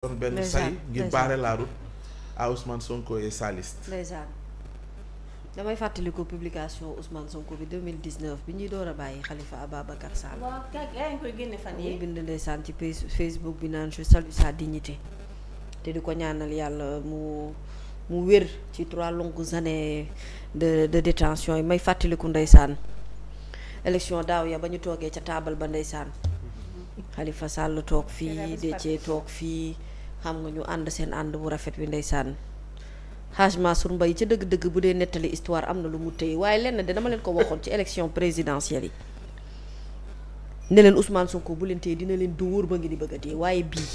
doon benn say ngir barrer la route à Ousmane Sonko et sa liste damay fàttaliku publication Ousmane Sonko bi 2019 bi ñuy door a bàyyi Khalifa Ababacar Sall waaw yaa ngi koy génne fan yi bind ndeysaan ci Facebook bi naan je salue sa dignité te di ko ñaanal yàlla mu mu wér ci trois longues années de de détention yi may fàttaliku ndeysaan élection daaw ya ba ñu toogee ca taabal ba ndeysaan mm-hmm. Khalifa Sall toog fii Déthié toog fii xam nga ñu ànd seen ànd bu rafet wi ndeysaan Haj Mansour mbay ca dëgg-dëgg bu dee nettali histoire am na lu mu téye waaye lenn de dama leen ko waxoon ci élection présidentielle yi ne leen Ousmane Sonko bu leen téye dina leen dóor ba ngeen di bëgg a waaye bii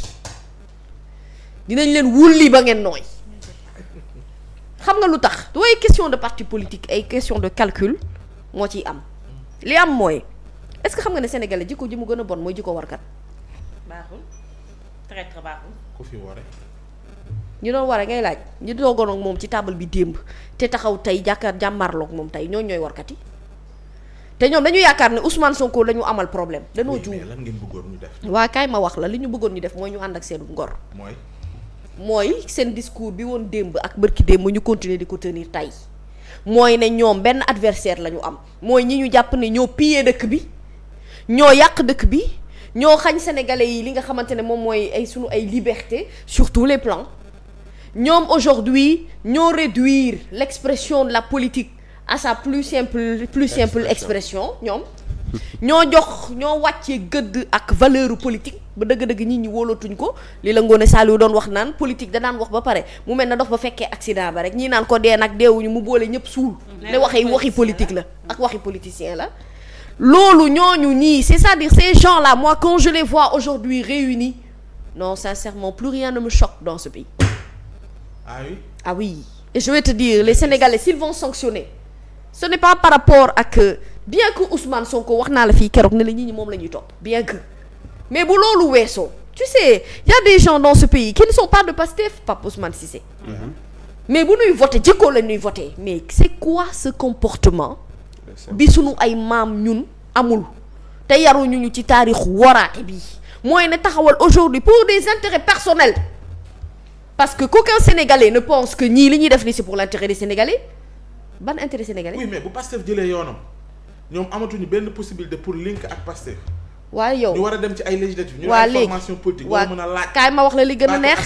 dinañ leen wulli ba ngeen nooy xam nga lu tax du ay question de parti politique ay question de calcul moo ciy am li am mooy est-ce xam nga ne sénégalais jikko ji mu gën a bon mooy jikko warkat baaxul traître baaxul. ku fi waree. ñu doon waree ngay laaj ñu doogoon ak moom ci taabal bi démb te taxaw tey jàkkaar jàmmarloog moom tey ñooñu ñooy warkat yi te ñoom dañu yaakaar ne Ousmane Sonko la ñu amal problème. dañoo juum lan ñu def. waa kaay ma wax la li ñu bëggoon ñu def mooy ñu ànd ak seen ngor. mooy. mooy seen discours bi woon démb ak bërki démb ñu continuer di ko tenir tey mooy ne ñoom benn adversaire la ñu am mooy ñi ñu jàpp ne ñoo pillé dëkk bi ñoo yàq dëkk bi. ñoo xañ sénégalais yi li nga xamante ne moom mooy ay sunu ay liberté surtout tous les plans ñoom aujourd'hui ñoo réduire l'expression de la politique à sa plus simple plus simple expression ñoom ñoo jox ñoo wàccee gëdd ak valeur politique ba dëgg-dëgg nit ñi wóolootuñ ko li la Ngoné Saliou doon wax naan politique da daan wax ba pare mu mel na dox ba fekkee accident ba rek ñii naan ko dee nag deewuñu mu boole ñëpp suul mm-hmm. ne waxee waxi politique la ak waxi politicien la loolu ñooñu ñii c'est-à-dire ces gens-là moi quand je les vois aujourd'hui réunis non sincèrement plus rien ne me choque dans ce pays ah oui ah oui et je vais te dire les Sénégalais s'ils vont sanctionner ce n'est pas par rapport ak bien que Ousmane Sonko wax naa la fii keroog ne la nit ñi moom la ñuy topp bien que mais bu loolu weesoo tu sais y a des gens dans ce pays qui ne sont pas de Pastef Pape Ousmane Cissé mhm. mais bu ñuy voté jëkkoo la ñuy voté mais c'est quoi ce comportement bi sunu ay maam ñun amul te yaruñu ñu ci taarixu waraate bi mooy ne taxawal aujourd'hui pour des intérêts personnels parce que qu'aucun sénégalais ne pense que ñii li ñuy def ni c'est pour l'intérêt des sénégalais ban intérêt sénégalais. oui bu Pastef jëlee yoonam ñoom amatuñu benn possibilité pour link ak Pastef. waaye yow war a dem ci ay législatives ñu waa léegi formation politique war a laaj kaay ma wax la li gën a neex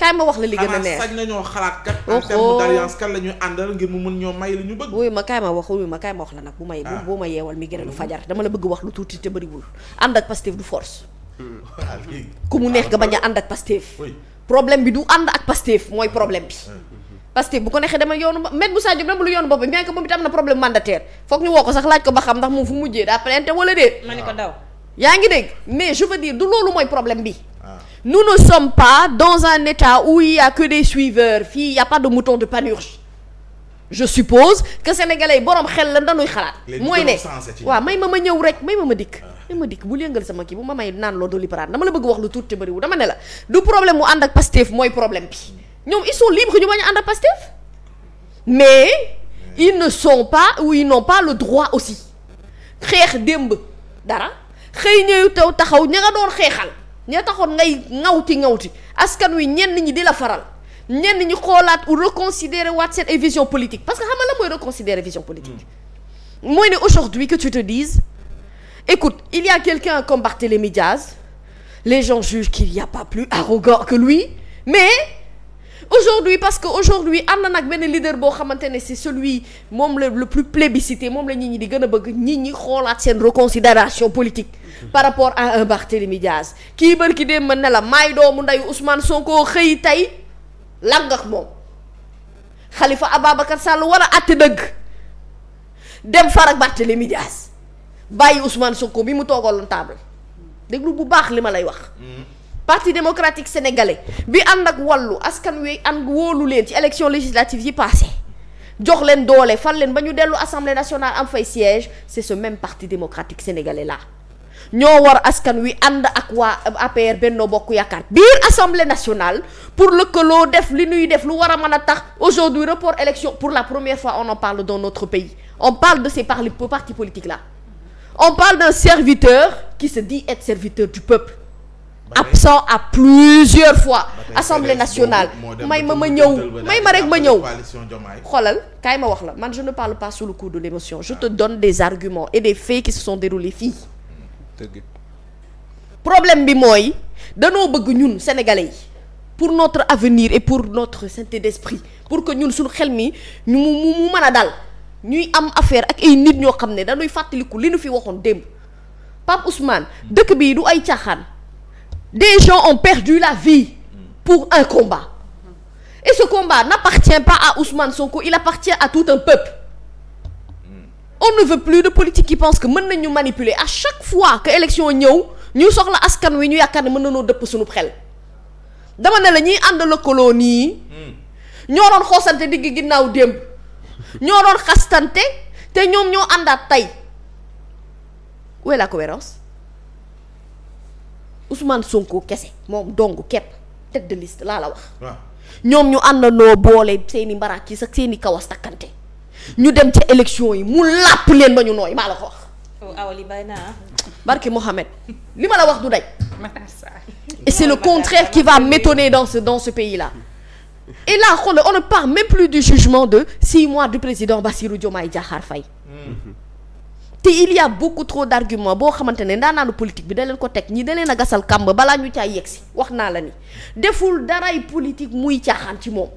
kaay ma wax la li gën a neex xanaa sañ nañoo xalaat kat kan la ñuy àndal ngir mu mën ñoo may li ñu bëgg wuy ma kaay ma wax wuy ma kaay ma wax la nag bu may ah. ma yeewal mi gën a lu mm-hmm. fajar dama la bëgg wax lu tuuti te bëriwul ànd ak Pastef du force mm. ku mu neex nga bañ a ànd ak Pastef problème bi du ànd ak Pastef mooy problème bi mm. mm-hmm. Pastef bu ko neexee dama yoonu Maître Moussa Diop dama lu yoonu boppam bien que moom itam am na problème mandataire foog ba xam ndax moom fu mujjee daa plainte wala déet yaa ngi dégg mais je veux dire du loolu mooy problème bi ah. nous ne sommes pas dans un état où il y a que des suiveurs fii y a pas de mouton de panurge je suppose que sénégalais yi boroom xel la dañuy xalaat mooy ne waaw may ma ma ñëw rek may ma ma dikk ah. may ma dikk bu yëngal sama kii bu ma may naan loo Doliprane dama la bëgg wax lu tuuti te bëriwu dama ne la du problème mu ànd ak Pastef mooy problème bi ñoom ils sont libres ñu bañ a ànd ak Pastef mais ils ne sont pas ou ils n'ont pas le droit aussi xeex xëy ñëw taw taxaw ña nga doon xeexal ña taxoon ngay ŋawti ŋawti askan wi ñenn ñi di la faral ñenn ñi xoolaat ou reconsidérer waat seen ay vision politique parce que xam nga la mooy reconsidérer vision politique. Hmm. mooy ne aujourd'hui que tu te dises écoute il y a quelqu'un comme Barthélémy Diaz les gens jugent qu'il n'y pas plus arrogant que lui mais. aujourd'hui parce que aujourd'hui am na nag benn leader boo xamante ne c'est celui moom la le plus plébiscité moom la nit ñi di gën a bëgg nit ñi xoolaat seen reconsidération politique par rapport à un Barthélémy Diaz kii bërki dem mën ne la maay doomu ndeyu Ousmane Sonko xëy tey langax moom xalifa Ababacar Sall war a àtte dëgg dem farak Barthélémy Diaz bàyyi Ousmane Sonko bi mu toogaloon table déglu bu baax li ma lay wax mm-hmm. parti démocratique sénégalais bi ànd ak wàllu askan wi ànd wóolu leen ci élection législative yi passé jox leen doole fal leen ba ñu dellu assemblée nationale am fay siège c'est ce même parti démocratique sénégalais là ñoo war askan wi ànd ak waa APR Benno Bokk Yaakaar biir assemblée nationale pour loo def li ñuy def lu war a mën a tax aujourd'hui report élection pour la première fois on en parle dans notre pays on parle de ces partis politiques là on parle d'un serviteur qui se dit serviteur du peuple absent à plusieurs fois assemblée nationale may ma ma ñëw may ma rek ma ñëw xoolal kaay ma wax la man je ne parle pas sous le coup de l'émotion je te donne des arguments et des faits qui se sont déroulés fii problème bi mooy danoo bëgg ñun sénégalais yi pour notre avenir et pour notre santé d'esprit pour que ñun suñu xel mi ñu mu mu mën a dal ñuy am affaire ak ay nit ñoo xam ne dañuy fàttaliku li nu fi waxoon démb Pape Ousmane dëkk bii du ay caaxaan des gens ont perdu la vie pour un combat et ce combat n'appartient pas à Ousmane Sonko il appartient à tout un peuple on ne veut plus de politique qui pense que mën nañu manipuler à chaque fois que élection ñëw ñu soxla askan wi ñu yàkkaar ne mën nañoo dëpp suñu xel dama ne la ñuy ànd lëkkaloo nii ñoo doon xoosante digg ginnaaw démb ñoo doon xastante te ñoom ñoo àndaat tey où est la cohérence Ousmane Sonko kese moom dong képp tête de liste laa la wax. ñoom ñu àndandoo boole seen i mbaraak yi sax seen i kawas takkante ñu dem ca élection yi mu làpp leen ba ñu nooy maa la ko wax. Oh, aw li barki Mohamed li ma la wax du daj. et c'est le contraire qui va m'étonner dans ce pays là. et là xoolal on ne parle même plus du jugement de six mois du président Bassirou Diomaye Diakhar Faye. Mm-hmm. te il y ko beaucoup trop d'arguments boo xamante ne ndaanaanu politique bi da ko teg ñi da leen a gasal kàmb balaa ñu caa yegg si wax naa la ni deful daray politique muy caaxaan ci moom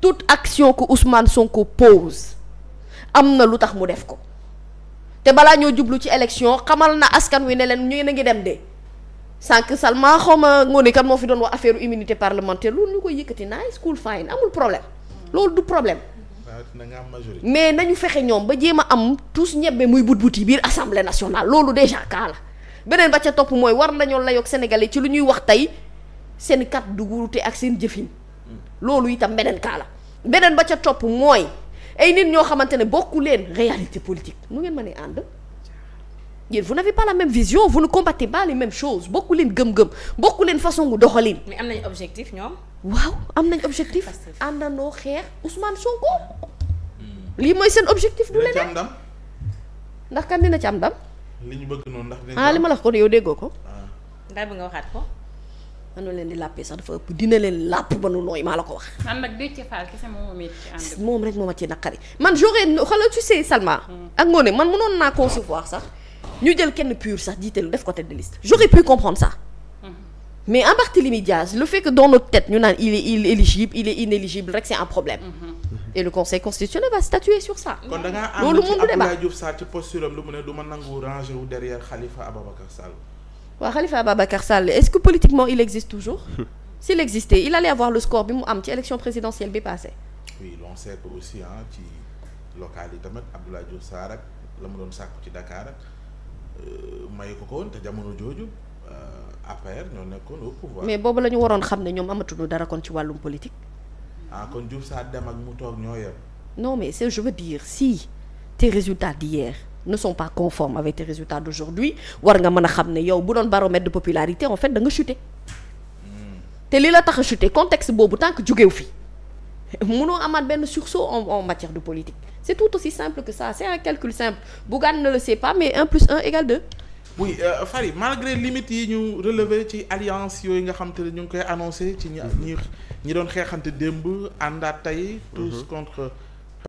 toute action que Ousmane Sonko pose am na lu tax mu def ko te balaa ñoo jublu ci élection xamal na askan wi ne leen ñu na ngi dem de sànq Salma xaw ma ngoo ne moo fi doon wax affaire immunité parlementaire loolu ñu koy yëkkati nice cool fine amul problème loolu du problème. mais nañu fexe ñoom ba jéem a am tous ñebbe muy but buti biir assemblée nationale loolu déjà cas la beneen ba ca topp mooy war nañoo layoog sénégalais ci lu ñuy wax tey seen kat du wuute ak seen jëfin loolu itam beneen kaala beneen ba ca topp mooy ay nit ñoo xamante ne bokku leen réalité politique nu ngeen mën a ànd yéen vous na pas la même vision vous ne combattez pas les mêmes choses bokku leen gëm-gëm bokku leen façon gu doxalin. am nañ objectif ñoom. waaw am nañ objectif àndandoo xeex Ousmane Sonko. lii mooy seen objectif du leneen ndax kan dina ci am ndam. li ñu bëgg noonu ndax ah li ma la ko yow déggoo ko. Ah. ndax bi nga waxaat ko. man leen di làppee sax dafa ëpp dina leen làpp ba nu nooy maa la ko wax. man nag Déthié moom ci moom rek moom a ci naqari man joxe xoolal tu sais Salma. Hmm. ak Ngoné man mënoon naa concevoir sax ñu jël kenn pur sax jiitalu def ko tête de joxe j'aurais pu comprendre ça. Hmm. mais en Barthélémy Diaz le fait que dans notre tête ñu naan il est inéligible il est inéligible rek c'est un problème. Hmm. et le conseil constitutionnel va statuer sur ça. loolu moom du débat kon da ngaa ànd ci Abdoulaye Diouf Sarr ci posture am lu mu ne du nangu ranger wu derrière Khalifa Ababacar Sall. waaw Khalifa Ababacar Sall est-ce que politiquement il existe toujours. s'il existait il allait avoir le score bi mu am ci élection présidentielle bi passé oui l'on sait que ah ci local yi tamit Abdoulaye Diouf Sarr ak la mu doon sàkku ci Dakar ak euh, mayu ko ko woon te jamono jooju. Euh, APR ñoo nekkoon au pouvoir. mais boobu la ñu waroon xam ne ñoom amatuñu dara kon ci politique. ah kon Diouf Sarr dem ak mu toog ñoo yem. non mais c'est je veux dire si tes résultats d'hier ne sont pas conformes avec tes résultats d'aujourd'hui war nga mën a xam ne yow bu doon baromètre de popularité en fait da nga chuté hmm. te li la tax a chuté contexte boobu tant que jógewu mu noo amaat benn sursaut en en matière de politique c'est tout aussi simple que ça c'est un calcul simple Bougane ne le sait pas mais un plus un égale deux. oui euh, malgré limites yi ñu relever nga xam te ngi koy annoncé ci ñi ñi doon xeexante démb àndaat tey mhm. tous contre